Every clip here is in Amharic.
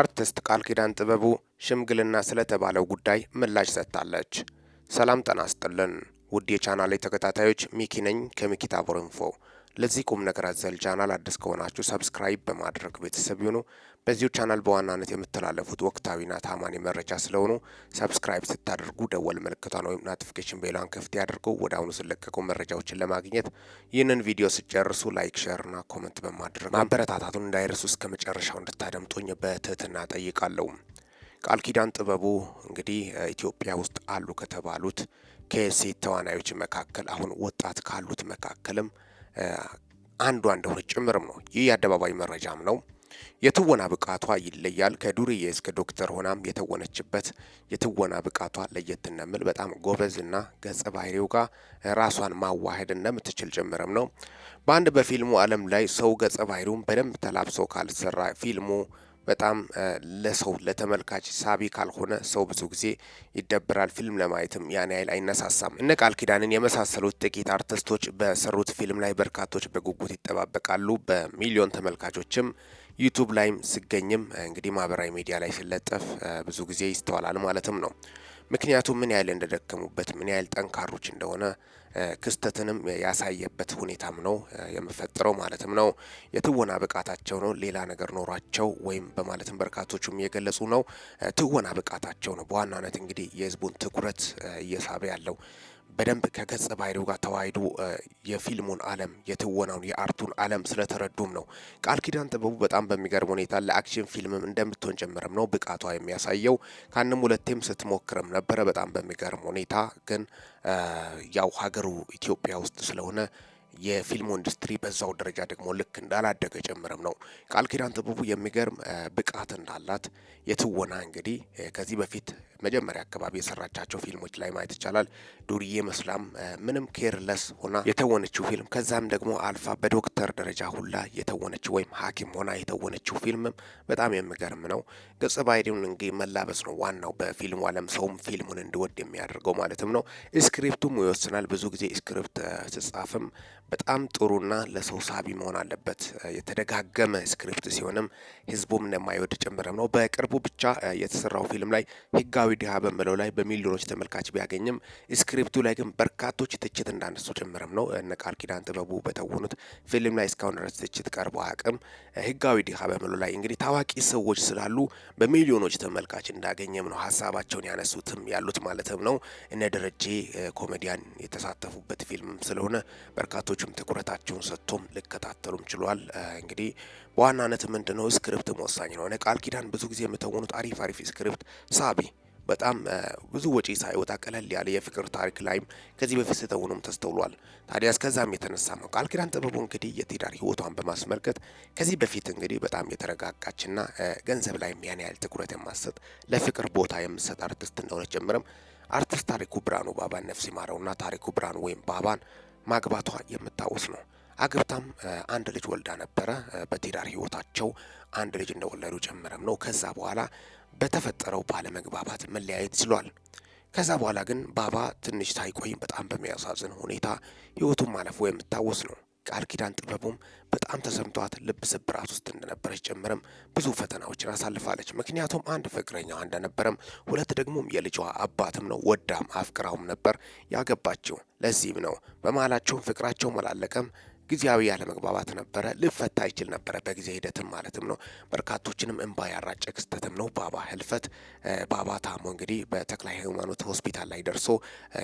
አርቲስት ቃል ኪዳን ጥበቡ ሽምግልና ስለተባለው ጉዳይ ምላሽ ሰጥታለች። ሰላም ጠና ስጥልን ውድ የቻናሌ ተከታታዮች ሚኪ ነኝ ከሚኪ ታቦር ኢንፎ ለዚህ ቁም ነገር አዘል ቻናል አዲስ ከሆናችሁ ሰብስክራይብ በማድረግ ቤተሰብ ይሁኑ። በዚሁ ቻናል በዋናነት የምተላለፉት ወቅታዊና ታማኝ መረጃ ስለሆኑ ሰብስክራይብ ስታደርጉ ደወል ምልክቷን ወይም ኖቲፊኬሽን ቤሏን ክፍት ያድርጉ። ወደ አሁኑ ስለቀቁ መረጃዎችን ለማግኘት ይህንን ቪዲዮ ስጨርሱ ላይክ፣ ሼርና ኮመንት በማድረግ ማበረታታቱን እንዳይረሱ እስከ መጨረሻው እንድታደምጡኝ በትህትና ጠይቃለሁ። ቃል ኪዳን ጥበቡ እንግዲህ ኢትዮጵያ ውስጥ አሉ ከተባሉት ከሴት ተዋናዮች መካከል አሁን ወጣት ካሉት መካከልም አንዷ እንደሆነች ጭምርም ነው። ይህ የአደባባይ መረጃም ነው። የትወና ብቃቷ ይለያል። ከዱርዬ እስከ ዶክተር ሆናም የተወነችበት የትወና ብቃቷ ለየት እንደምል በጣም ጎበዝና ገጸ ባህሪው ጋር ራሷን ማዋሄድ እንደምትችል ጭምርም ነው። በአንድ በፊልሙ አለም ላይ ሰው ገጸ ባህሪውን በደንብ ተላብሶ ካልሰራ ፊልሙ በጣም ለሰው ለተመልካች ሳቢ ካልሆነ ሰው ብዙ ጊዜ ይደብራል። ፊልም ለማየትም ያን ያህል አይነሳሳም። እነ ቃል ኪዳንን የመሳሰሉት ጥቂት አርቲስቶች በሰሩት ፊልም ላይ በርካቶች በጉጉት ይጠባበቃሉ። በሚሊዮን ተመልካቾችም ዩቱብ ላይም ስገኝም እንግዲህ ማህበራዊ ሚዲያ ላይ ስለጠፍ ብዙ ጊዜ ይስተዋላል ማለትም ነው። ምክንያቱም ምን ያህል እንደደከሙበት ምን ያህል ጠንካሮች እንደሆነ ክስተትንም ያሳየበት ሁኔታም ነው የምፈጥረው ማለትም ነው። የትወና ብቃታቸው ነው ሌላ ነገር ኖሯቸው ወይም በማለትም በርካቶቹም የገለጹ ነው። ትወና ብቃታቸው ነው በዋናነት እንግዲህ የህዝቡን ትኩረት እየሳበ ያለው በደንብ ከገጸ ባህሪው ጋር ተዋህዶ የፊልሙን ዓለም የትወናውን የአርቱን ዓለም ስለተረዱም ነው ቃል ኪዳን ጥበቡ በጣም በሚገርም ሁኔታ ለአክሽን ፊልምም እንደምትሆን ጭምርም ነው ብቃቷ የሚያሳየው። ከአንም ሁለቴም ስትሞክርም ነበረ። በጣም በሚገርም ሁኔታ ግን ያው ሀገሩ ኢትዮጵያ ውስጥ ስለሆነ የፊልሙ ኢንዱስትሪ በዛው ደረጃ ደግሞ ልክ እንዳላደገ ጭምርም ነው። ቃል ኪዳን ጥበቡ የሚገርም ብቃት እንዳላት የትወና እንግዲህ ከዚህ በፊት መጀመሪያ አካባቢ የሰራቻቸው ፊልሞች ላይ ማየት ይቻላል። ዱርዬ መስላም ምንም ኬርለስ ሆና የተወነችው ፊልም ከዛም ደግሞ አልፋ በዶክተር ደረጃ ሁላ የተወነችው ወይም ሐኪም ሆና የተወነችው ፊልምም በጣም የሚገርም ነው። ገጸ ባህሪውን እንግዲህ መላበስ ነው ዋናው በፊልሙ ዓለም ሰውም ፊልሙን እንዲወድ የሚያደርገው ማለትም ነው። ስክሪፕቱም ይወስናል። ብዙ ጊዜ ስክሪፕት ስጻፍም በጣም ጥሩና ለሰው ሳቢ መሆን አለበት። የተደጋገመ ስክሪፕት ሲሆንም ህዝቡም እንደማይወድ ጭምርም ነው። በቅርቡ ብቻ የተሰራው ፊልም ላይ ህጋዊ ድሃ በምለው ላይ በሚሊዮኖች ተመልካች ቢያገኝም ስክሪፕቱ ላይ ግን በርካቶች ትችት እንዳነሱ ጭምርም ነው። እነ ቃል ኪዳን ጥበቡ በተወኑት ፊልም ላይ እስካሁን ድረስ ትችት ቀርቦ አቅም ህጋዊ ድሃ በምለው ላይ እንግዲህ ታዋቂ ሰዎች ስላሉ በሚሊዮኖች ተመልካች እንዳገኘም ነው ሀሳባቸውን ያነሱትም ያሉት ማለትም ነው። እነ ደረጀ ኮሜዲያን የተሳተፉበት ፊልም ስለሆነ በርካቶች ሌሎችም ትኩረታቸውን ሰጥቶም ልከታተሉም ችሏል። እንግዲህ በዋናነት ምንድነው ስክሪፕትም ወሳኝ ነው። ቃል ኪዳን ብዙ ጊዜ የምተውኑት አሪፍ አሪፍ ስክሪፕት ሳቢ በጣም ብዙ ወጪ ሳይወጣ ቀለል ያለ የፍቅር ታሪክ ላይም ከዚህ በፊት ስተውኑም ተስተውሏል። ታዲያ እስከዛም የተነሳ ነው ቃል ኪዳን ጥበቡ እንግዲህ የትዳር ህይወቷን በማስመልከት ከዚህ በፊት እንግዲህ በጣም የተረጋጋችና ገንዘብ ላይም ያን ያህል ትኩረት የማሰጥ ለፍቅር ቦታ የምሰጥ አርቲስት እንደሆነ ጀምረም አርቲስት ታሪኩ ብርሃኑ ባባን ነፍስ ይማረውና ታሪኩ ብርሃኑ ወይም ባባን ማግባቷ የምታወስ ነው። አግብታም አንድ ልጅ ወልዳ ነበረ። በትዳር ህይወታቸው አንድ ልጅ እንደወለዱ ጭምርም ነው። ከዛ በኋላ በተፈጠረው ባለመግባባት መለያየት ችሏል። ከዛ በኋላ ግን ባባ ትንሽ ሳይቆይም በጣም በሚያሳዝን ሁኔታ ህይወቱን ማለፉ የምታወስ ነው። ቃል ኪዳን ጥበቡም በጣም ተሰምቷት ልብ ስብራት ውስጥ እንደነበረች ጭምርም ብዙ ፈተናዎችን አሳልፋለች። ምክንያቱም አንድ ፍቅረኛዋ እንደነበረም፣ ሁለት ደግሞም የልጇ አባትም ነው። ወዳም አፍቅራውም ነበር ያገባችው። ለዚህም ነው በመሃላቸውም ፍቅራቸው መላለቀም ጊዜያዊ ያለመግባባት ነበረ፣ ሊፈታ ይችል ነበረ በጊዜ ሂደትም ማለትም ነው። በርካቶችንም እንባ ያራጨ ክስተትም ነው። ባባ ህልፈት ባባ ታሞ እንግዲህ በተክላይ ሃይማኖት ሆስፒታል ላይ ደርሶ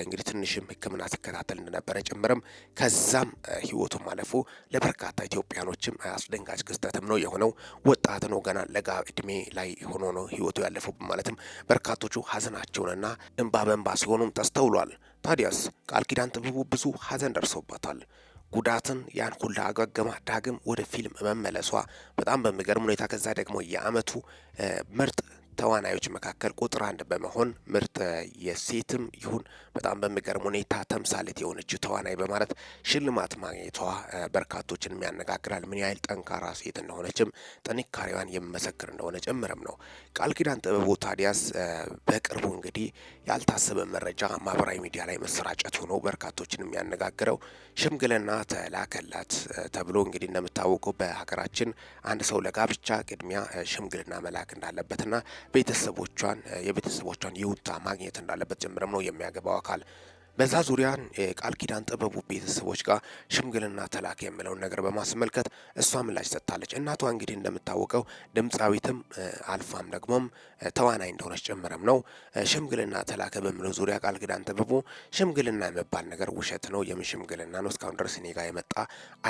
እንግዲህ ትንሽም ሕክምና ሲከታተል እንደነበረ ጭምርም ከዛም ህይወቱ ማለፉ ለበርካታ ኢትዮጵያኖችም አስደንጋጭ ክስተትም ነው የሆነው። ወጣት ነው፣ ገና ለጋ እድሜ ላይ ሆኖ ነው ህይወቱ ያለፈው ማለትም በርካቶቹ ሀዘናቸውንና እንባ በእንባ ሲሆኑም ተስተውሏል። ታዲያስ ቃል ኪዳን ጥበቡ ብዙ ሀዘን ደርሶበታል። ጉዳትን ያን ሁላ አገገማ ዳግም ወደ ፊልም መመለሷ በጣም በሚገርም ሁኔታ ከዛ ደግሞ የአመቱ ምርጥ ተዋናዮች መካከል ቁጥር አንድ በመሆን ምርጥ የሴትም ይሁን በጣም በሚገርም ሁኔታ ተምሳሌት የሆነች ተዋናይ በማለት ሽልማት ማግኘቷ በርካቶችን የሚያነጋግራል። ምን ያህል ጠንካራ ሴት እንደሆነችም ጥንካሬዋን የሚመሰክር እንደሆነ ጭምርም ነው። ቃል ኪዳን ጥበቡ ታዲያስ በቅርቡ እንግዲህ ያልታሰበ መረጃ ማህበራዊ ሚዲያ ላይ መሰራጨት ሆኖ በርካቶችን የሚያነጋግረው ሽምግልና ተላከላት ተብሎ እንግዲህ እንደምታወቀው በሀገራችን አንድ ሰው ለጋብቻ ቅድሚያ ሽምግልና መላክ እንዳለበትና ቤተሰቦቿን የቤተሰቦቿን ይሁንታ ማግኘት እንዳለበት ጭምርም ነው የሚያገባው አካል በዛ ዙሪያ የቃል ኪዳን ጥበቡ ቤተሰቦች ጋር ሽምግልና ተላከ የሚለውን ነገር በማስመልከት እሷ ምላሽ ሰጥታለች። እናቷ እንግዲህ እንደምታወቀው ድምፃዊትም አልፋም ደግሞም ተዋናይ እንደሆነች ጭምርም ነው። ሽምግልና ተላከ በሚለው ዙሪያ ቃል ኪዳን ጥበቡ ሽምግልና የመባል ነገር ውሸት ነው፣ የምን ሽምግልና ነው? እስካሁን ድረስ እኔ ጋር የመጣ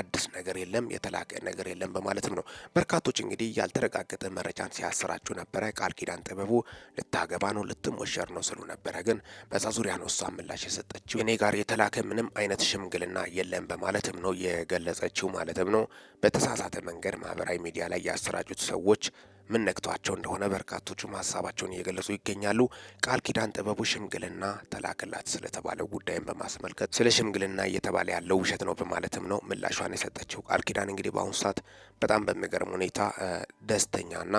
አዲስ ነገር የለም፣ የተላከ ነገር የለም በማለትም ነው። በርካቶች እንግዲህ ያልተረጋገጠ መረጃን ሲያሰራችሁ ነበረ። ቃል ኪዳን ጥበቡ ልታገባ ነው፣ ልትሞሸር ነው ስሉ ነበረ። ግን በዛ ዙሪያ ነው እሷ ምላሽ የሰጠችው። እኔ ጋር የተላከ ምንም አይነት ሽምግልና የለም በማለትም ነው የገለጸችው። ማለትም ነው በተሳሳተ መንገድ ማህበራዊ ሚዲያ ላይ ያሰራጩት ሰዎች ምን ነክቷቸው እንደሆነ በርካቶቹም ሀሳባቸውን እየገለጹ ይገኛሉ። ቃል ኪዳን ጥበቡ ሽምግልና ተላክላት ስለተባለው ጉዳይም በማስመልከት ስለ ሽምግልና እየተባለ ያለው ውሸት ነው በማለትም ነው ምላሿን የሰጠችው። ቃል ኪዳን እንግዲህ በአሁኑ ሰዓት በጣም በሚገርም ሁኔታ ደስተኛና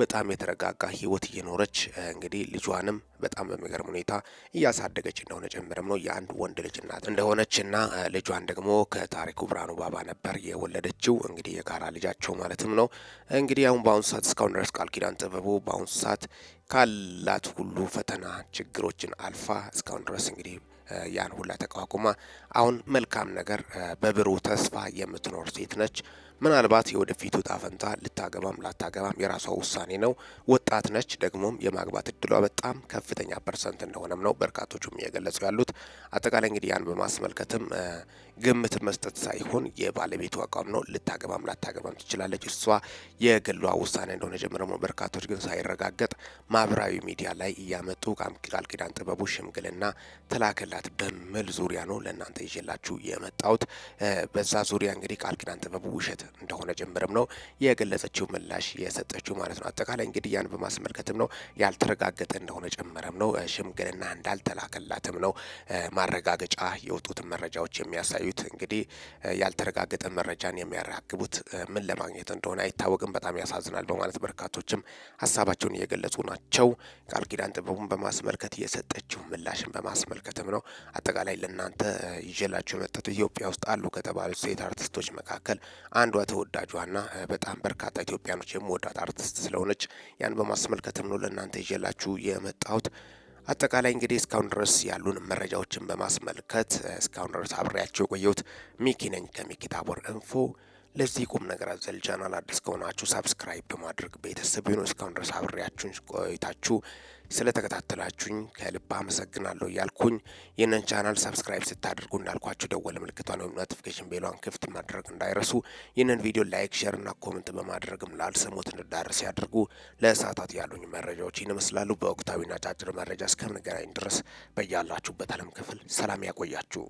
በጣም የተረጋጋ ህይወት እየኖረች እንግዲህ ልጇንም በጣም በሚገርም ሁኔታ እያሳደገች እንደሆነ ጭምርም ነው። የአንድ ወንድ ልጅ እናት ና ልጇን ደግሞ ከታሪኩ ብርሃኑ ባባ ነበር የወለደችው እንግዲህ የጋራ ልጃቸው ማለትም ነው። እንግዲህ አሁን በአሁኑ ሰዓት እስካሁን ድረስ ቃል ኪዳን ጥበቡ በአሁኑ ሰዓት ካላት ሁሉ ፈተና ችግሮችን አልፋ እስካሁን ድረስ እንግዲህ ያን ሁላ ተቋቁማ አሁን መልካም ነገር በብሩህ ተስፋ የምትኖር ሴት ነች። ምናልባት የወደፊቱ ጣፈንታ ልታገባም ላታገባም የራሷ ውሳኔ ነው። ወጣት ነች፣ ደግሞም የማግባት እድሏ በጣም ከፍተኛ ፐርሰንት እንደሆነም ነው በርካቶቹም እየገለጹ ያሉት። አጠቃላይ እንግዲህ ያን በማስመልከትም ግምት መስጠት ሳይሆን የባለቤቱ አቋም ነው። ልታገባም ላታገባም ትችላለች። እሷ የግሏ ውሳኔ እንደሆነ ጀምረሞ በርካቶች ግን ሳይረጋገጥ ማህበራዊ ሚዲያ ላይ እያመጡ ቃል ኪዳን ጥበቡ ሽምግልና ተላከላት በሚል ዙሪያ ነው ለእናንተ ይዤላችሁ የመጣሁት። በዛ ዙሪያ እንግዲህ ቃል ኪዳን ጥበቡ ውሸት እንደሆነ ጭምርም ነው የገለጸችው ምላሽ የሰጠችው ማለት ነው። አጠቃላይ እንግዲህ ያን በማስመልከትም ነው ያልተረጋገጠ እንደሆነ ጭምርም ነው ሽምግልና እንዳልተላከላትም ነው ማረጋገጫ የወጡት መረጃዎች የሚያሳዩት። እንግዲህ ያልተረጋገጠ መረጃን የሚያራግቡት ምን ለማግኘት እንደሆነ አይታወቅም። በጣም ያሳዝናል በማለት በርካቶችም ሀሳባቸውን እየገለጹ ናቸው። ቃል ኪዳን ጥበቡን በማስመልከት የሰጠችው ምላሽን በማስመልከትም ነው አጠቃላይ ለእናንተ ይዤላችሁ የመጣሁት ኢትዮጵያ ውስጥ አሉ ከተባሉት ሴት አርቲስቶች መካከል አንዱ አንዷ ተወዳጇና በጣም በርካታ ኢትዮጵያኖች የምወዳት አርቲስት ስለሆነች ያን በማስመልከትም ነው ለእናንተ ይዤላችሁ የመጣሁት። አጠቃላይ እንግዲህ እስካሁን ድረስ ያሉን መረጃዎችን በማስመልከት እስካሁን ድረስ አብሬያቸው የቆየሁት ሚኪ ነኝ ከሚኪ ታቦር እንፎ። ለዚህ ቁም ነገር አዘል ቻናል አዲስ ከሆናችሁ ሳብስክራይብ በማድረግ ቤተሰብ ሆኑ። እስካሁን ድረስ አብሬያችሁን ቆይታችሁ ስለተከታተላችሁኝ ከልብ አመሰግናለሁ እያልኩኝ ይህንን ቻናል ሳብስክራይብ ስታደርጉ እንዳልኳችሁ ደወል ምልክቷ ኖቲፊኬሽን ቤሏን ክፍት ማድረግ እንዳይረሱ። ይህንን ቪዲዮ ላይክ፣ ሼር እና ኮመንት በማድረግም ላልሰሙት እንዳደርስ ያድርጉ። ለሰዓታት ያሉኝ መረጃዎች ይህን ይመስላሉ። በወቅታዊና ጫጭር መረጃ እስከምንገናኝ ድረስ በያላችሁበት አለም ክፍል ሰላም ያቆያችሁ።